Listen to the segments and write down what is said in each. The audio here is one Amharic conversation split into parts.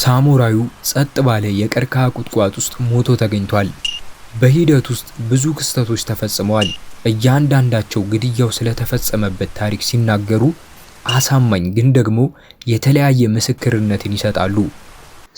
ሳሞራዊው ጸጥ ባለ የቀርከሃ ቁጥቋጥ ውስጥ ሞቶ ተገኝቷል። በሂደት ውስጥ ብዙ ክስተቶች ተፈጽመዋል። እያንዳንዳቸው ግድያው ስለተፈጸመበት ታሪክ ሲናገሩ አሳማኝ ግን ደግሞ የተለያየ ምስክርነትን ይሰጣሉ።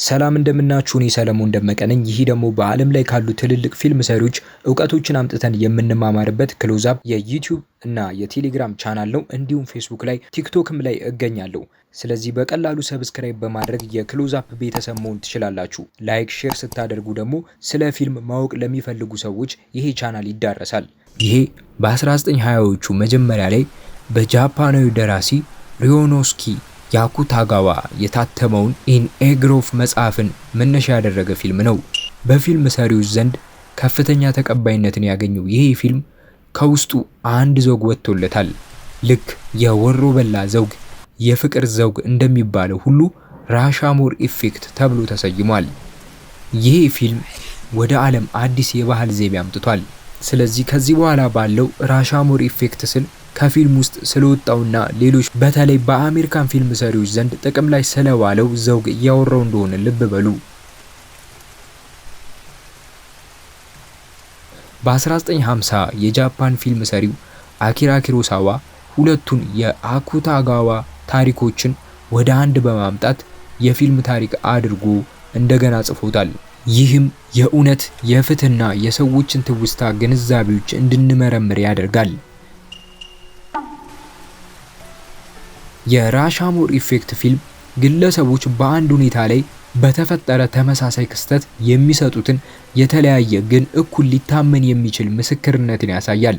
ሰላም እንደምናችሁ፣ እኔ ሰለሞን ደመቀ ነኝ። ይህ ደግሞ በዓለም ላይ ካሉ ትልልቅ ፊልም ሰሪዎች እውቀቶችን አምጥተን የምንማማርበት ክሎዛፕ የዩቲዩብ እና የቴሌግራም ቻናል ነው። እንዲሁም ፌስቡክ ላይ ቲክቶክም ላይ እገኛለሁ። ስለዚህ በቀላሉ ሰብስክራይብ በማድረግ የክሎዛፕ ቤተሰብ መሆን ትችላላችሁ። ላይክ፣ ሼር ስታደርጉ ደግሞ ስለ ፊልም ማወቅ ለሚፈልጉ ሰዎች ይሄ ቻናል ይዳረሳል። ይሄ በ1920ዎቹ መጀመሪያ ላይ በጃፓናዊ ደራሲ ሪዮኖስኪ ያኩታጋዋ የታተመውን ኢን ኤግሮፍ መጽሐፍን መነሻ ያደረገ ፊልም ነው። በፊልም ሰሪዎች ዘንድ ከፍተኛ ተቀባይነትን ያገኘው ይህ ፊልም ከውስጡ አንድ ዘውግ ወጥቶለታል። ልክ የወሮ በላ ዘውግ፣ የፍቅር ዘውግ እንደሚባለው ሁሉ ራሻሞር ኢፌክት ተብሎ ተሰይሟል። ይህ ፊልም ወደ ዓለም አዲስ የባህል ዘይቤ አምጥቷል። ስለዚህ ከዚህ በኋላ ባለው ራሻሞር ኢፌክት ስል ከፊልም ውስጥ ስለወጣውና ሌሎች በተለይ በአሜሪካን ፊልም ሰሪዎች ዘንድ ጥቅም ላይ ስለዋለው ዘውግ እያወራው እንደሆነ ልብ በሉ። በ1950 የጃፓን ፊልም ሰሪው አኪራ ኪሮሳዋ ሁለቱን የአኩታጋዋ ታሪኮችን ወደ አንድ በማምጣት የፊልም ታሪክ አድርጎ እንደገና ጽፎታል። ይህም የእውነት የፍትህና የሰዎችን ትውስታ ግንዛቤዎች እንድንመረምር ያደርጋል። የራሻሞር ኢፌክት ፊልም ግለሰቦች በአንድ ሁኔታ ላይ በተፈጠረ ተመሳሳይ ክስተት የሚሰጡትን የተለያየ ግን እኩል ሊታመን የሚችል ምስክርነትን ያሳያል።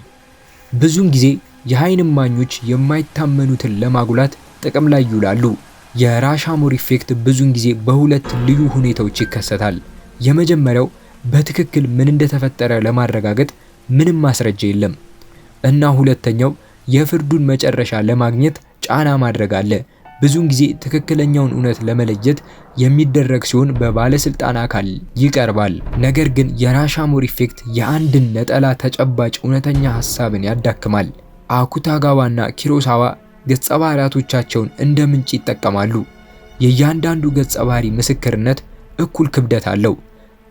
ብዙን ጊዜ የዓይን እማኞች የማይታመኑትን ለማጉላት ጥቅም ላይ ይውላሉ። የራሻሞር ኢፌክት ብዙን ጊዜ በሁለት ልዩ ሁኔታዎች ይከሰታል። የመጀመሪያው በትክክል ምን እንደተፈጠረ ለማረጋገጥ ምንም ማስረጃ የለም እና ሁለተኛው የፍርዱን መጨረሻ ለማግኘት ጫና ማድረግ አለ። ብዙውን ጊዜ ትክክለኛውን እውነት ለመለየት የሚደረግ ሲሆን በባለስልጣን አካል ይቀርባል። ነገር ግን የራሻሞር ኢፌክት የአንድን ነጠላ ተጨባጭ እውነተኛ ሀሳብን ያዳክማል። አኩታጋዋና ኪሮሳዋ ገጸ ባህሪያቶቻቸውን እንደ ምንጭ ይጠቀማሉ። የእያንዳንዱ ገጸ ባህሪ ምስክርነት እኩል ክብደት አለው።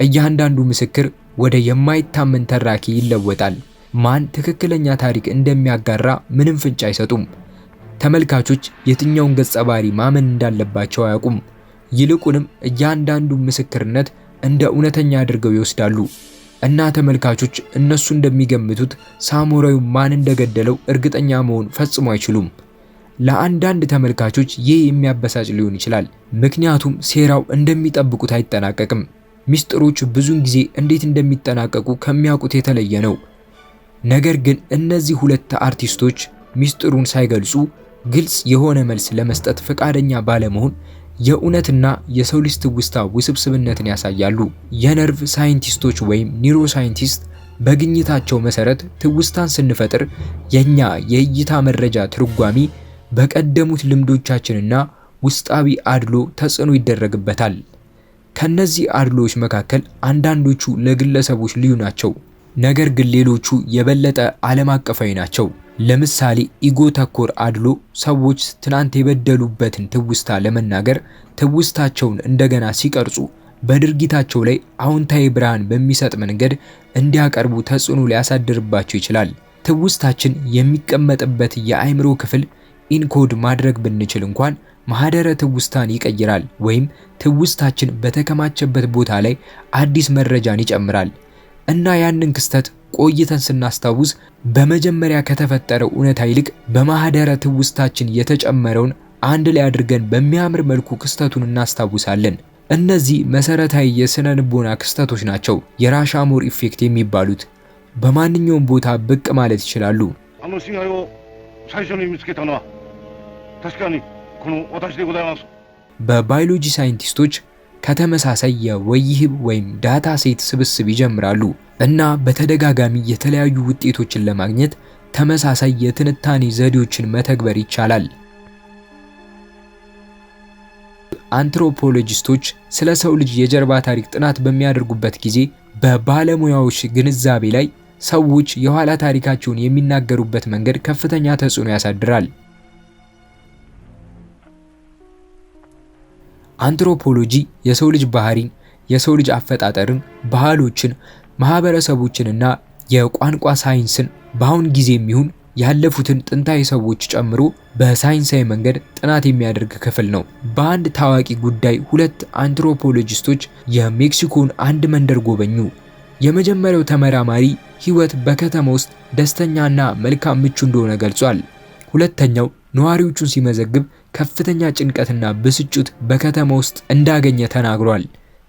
እያንዳንዱ ምስክር ወደ የማይታመን ተራኪ ይለወጣል። ማን ትክክለኛ ታሪክ እንደሚያጋራ ምንም ፍንጭ አይሰጡም። ተመልካቾች የትኛውን ገጸ ባህሪ ማመን እንዳለባቸው አያውቁም። ይልቁንም እያንዳንዱ ምስክርነት እንደ እውነተኛ አድርገው ይወስዳሉ እና ተመልካቾች እነሱ እንደሚገምቱት ሳሙራዩ ማን እንደገደለው እርግጠኛ መሆን ፈጽሞ አይችሉም። ለአንዳንድ ተመልካቾች ይህ የሚያበሳጭ ሊሆን ይችላል፣ ምክንያቱም ሴራው እንደሚጠብቁት አይጠናቀቅም። ሚስጥሮቹ ብዙውን ጊዜ እንዴት እንደሚጠናቀቁ ከሚያውቁት የተለየ ነው። ነገር ግን እነዚህ ሁለት አርቲስቶች ሚስጥሩን ሳይገልጹ ግልጽ የሆነ መልስ ለመስጠት ፈቃደኛ ባለመሆን የእውነትና የሰው ልጅ ትውስታ ውስብስብነትን ያሳያሉ። የነርቭ ሳይንቲስቶች ወይም ኒውሮ ሳይንቲስት በግኝታቸው መሰረት ትውስታን ስንፈጥር የኛ የእይታ መረጃ ትርጓሚ በቀደሙት ልምዶቻችንና ውስጣዊ አድሎ ተጽዕኖ ይደረግበታል። ከነዚህ አድሎዎች መካከል አንዳንዶቹ ለግለሰቦች ልዩ ናቸው፣ ነገር ግን ሌሎቹ የበለጠ ዓለም አቀፋዊ ናቸው። ለምሳሌ ኢጎ ተኮር አድሎ ሰዎች ትናንት የበደሉበትን ትውስታ ለመናገር ትውስታቸውን እንደገና ሲቀርጹ በድርጊታቸው ላይ አዎንታዊ ብርሃን በሚሰጥ መንገድ እንዲያቀርቡ ተጽዕኖ ሊያሳድርባቸው ይችላል። ትውስታችን የሚቀመጥበት የአእምሮ ክፍል ኢንኮድ ማድረግ ብንችል እንኳን ማህደረ ትውስታን ይቀይራል ወይም ትውስታችን በተከማቸበት ቦታ ላይ አዲስ መረጃን ይጨምራል። እና ያንን ክስተት ቆይተን ስናስታውስ በመጀመሪያ ከተፈጠረው እውነታ ይልቅ በማህደረ ትውስታችን የተጨመረውን አንድ ላይ አድርገን በሚያምር መልኩ ክስተቱን እናስታውሳለን። እነዚህ መሰረታዊ የስነ ልቦና ክስተቶች ናቸው የራሻሞር ኢፌክት የሚባሉት። በማንኛውም ቦታ ብቅ ማለት ይችላሉ። በባዮሎጂ ሳይንቲስቶች ከተመሳሳይ የወይህብ ወይም ዳታ ሴት ስብስብ ይጀምራሉ እና በተደጋጋሚ የተለያዩ ውጤቶችን ለማግኘት ተመሳሳይ የትንታኔ ዘዴዎችን መተግበር ይቻላል። አንትሮፖሎጂስቶች ስለ ሰው ልጅ የጀርባ ታሪክ ጥናት በሚያደርጉበት ጊዜ በባለሙያዎች ግንዛቤ ላይ ሰዎች የኋላ ታሪካቸውን የሚናገሩበት መንገድ ከፍተኛ ተጽዕኖ ያሳድራል። አንትሮፖሎጂ የሰው ልጅ ባህሪን፣ የሰው ልጅ አፈጣጠርን፣ ባህሎችን፣ ማህበረሰቦችንና የቋንቋ ሳይንስን በአሁን ጊዜ የሚሆን ያለፉትን ጥንታዊ ሰዎች ጨምሮ በሳይንሳዊ መንገድ ጥናት የሚያደርግ ክፍል ነው። በአንድ ታዋቂ ጉዳይ ሁለት አንትሮፖሎጂስቶች የሜክሲኮን አንድ መንደር ጎበኙ። የመጀመሪያው ተመራማሪ ሕይወት በከተማ ውስጥ ደስተኛና መልካም ምቹ እንደሆነ ገልጿል። ሁለተኛው ነዋሪዎቹን ሲመዘግብ ከፍተኛ ጭንቀትና ብስጭት በከተማ ውስጥ እንዳገኘ ተናግሯል።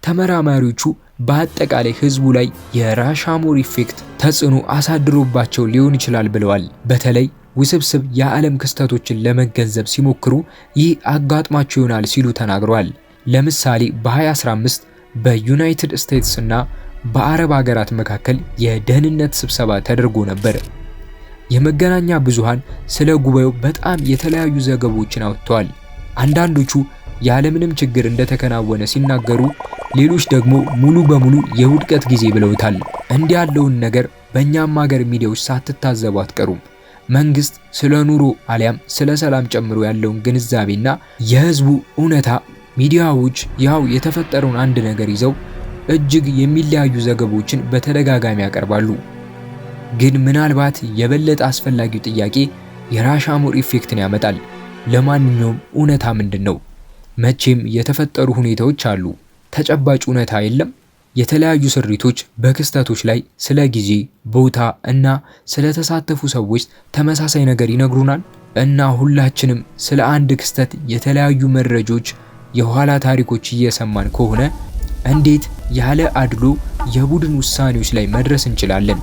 ተመራማሪዎቹ በአጠቃላይ ህዝቡ ላይ የራሻሞር ኢፌክት ተጽዕኖ አሳድሮባቸው ሊሆን ይችላል ብለዋል። በተለይ ውስብስብ የዓለም ክስተቶችን ለመገንዘብ ሲሞክሩ ይህ አጋጥሟቸው ይሆናል ሲሉ ተናግረዋል። ለምሳሌ በ2015 በዩናይትድ ስቴትስ እና በአረብ ሀገራት መካከል የደህንነት ስብሰባ ተደርጎ ነበር። የመገናኛ ብዙሃን ስለ ጉባኤው በጣም የተለያዩ ዘገባዎችን አውጥተዋል። አንዳንዶቹ ያለምንም ችግር እንደተከናወነ ሲናገሩ፣ ሌሎች ደግሞ ሙሉ በሙሉ የውድቀት ጊዜ ብለውታል። እንዲህ ያለውን ነገር በእኛም ሀገር ሚዲያዎች ሳትታዘቡ አትቀሩም። መንግስት ስለ ኑሮ አሊያም ስለ ሰላም ጨምሮ ያለውን ግንዛቤና የህዝቡ እውነታ ሚዲያዎች ያው የተፈጠረውን አንድ ነገር ይዘው እጅግ የሚለያዩ ዘገባዎችን በተደጋጋሚ ያቀርባሉ። ግን ምናልባት የበለጠ አስፈላጊው ጥያቄ የራሻሞር ኢፌክትን ያመጣል። ለማንኛውም እውነታ ምንድን ነው? መቼም የተፈጠሩ ሁኔታዎች አሉ፣ ተጨባጭ እውነታ የለም። የተለያዩ ስሪቶች በክስተቶች ላይ ስለ ጊዜ፣ ቦታ እና ስለተሳተፉ ሰዎች ተመሳሳይ ነገር ይነግሩናል እና ሁላችንም ስለ አንድ ክስተት የተለያዩ መረጃዎች፣ የኋላ ታሪኮች እየሰማን ከሆነ እንዴት ያለ አድሎ የቡድን ውሳኔዎች ላይ መድረስ እንችላለን?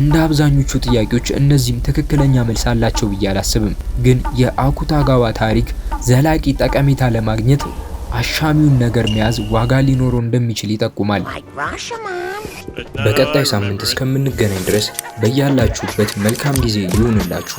እንደ አብዛኞቹ ጥያቄዎች እነዚህም ትክክለኛ መልስ አላቸው ብዬ አላስብም። ግን የአኩታጋዋ ታሪክ ዘላቂ ጠቀሜታ ለማግኘት አሻሚውን ነገር መያዝ ዋጋ ሊኖረው እንደሚችል ይጠቁማል። በቀጣይ ሳምንት እስከምንገናኝ ድረስ በያላችሁበት መልካም ጊዜ ይሁንላችሁ።